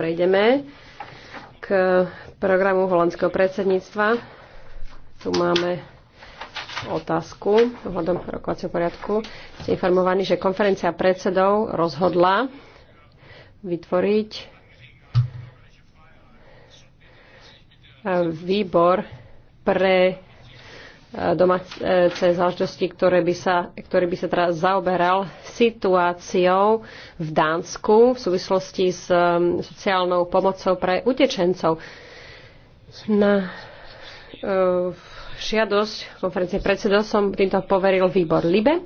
prejdeme k programu holandského predsedníctva. Tu máme otázku ohľadom rokovacieho poriadku. Ste informovaní, že konferencia predsedov rozhodla vytvoriť výbor pre domáce záležitosti, ktoré by sa, ktorý by sa teraz zaoberal situáciou v Dánsku v súvislosti s um, sociálnou pomocou pre utečencov. Na uh, žiadosť konferencie predsedov som týmto poveril výbor LIBE.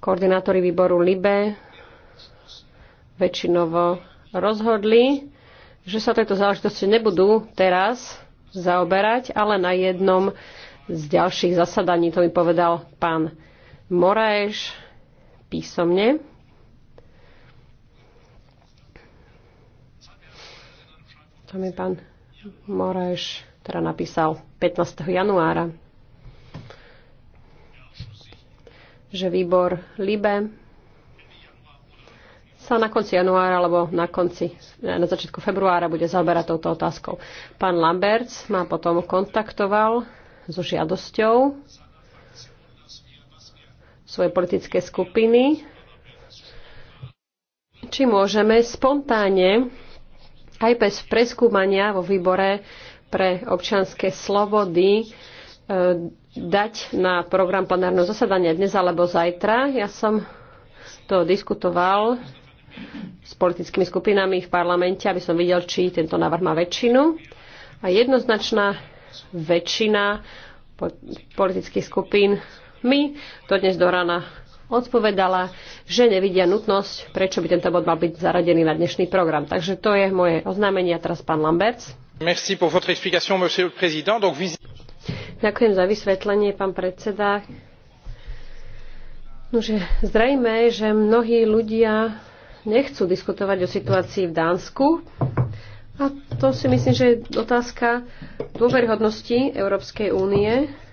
Koordinátori výboru LIBE väčšinovo rozhodli, že sa tejto záležitosti nebudú teraz zaoberať, ale na jednom z ďalších zasadaní, to mi povedal pán Moraeš písomne. To mi pán Moraeš teda napísal 15. januára, že výbor Libe sa na konci januára alebo na konci, na začiatku februára bude zaoberať touto otázkou. Pán Lamberts ma potom kontaktoval so žiadosťou svojej politickej skupiny, či môžeme spontánne aj bez preskúmania vo výbore pre občianske slobody e, dať na program plenárneho zasadania dnes alebo zajtra. Ja som to diskutoval s politickými skupinami v parlamente, aby som videl, či tento návrh má väčšinu. A jednoznačná väčšina politických skupín mi to dnes do rána odpovedala, že nevidia nutnosť, prečo by tento bod mal byť zaradený na dnešný program. Takže to je moje oznámenie a teraz pán Lamberts. Merci pour votre explication, monsieur le président. Donc, vis... Ďakujem za vysvetlenie, pán predseda. Nože, zrejme, že mnohí ľudia nechcú diskutovať o situácii v Dánsku. A to si myslím, že je otázka dôveryhodnosti Európskej únie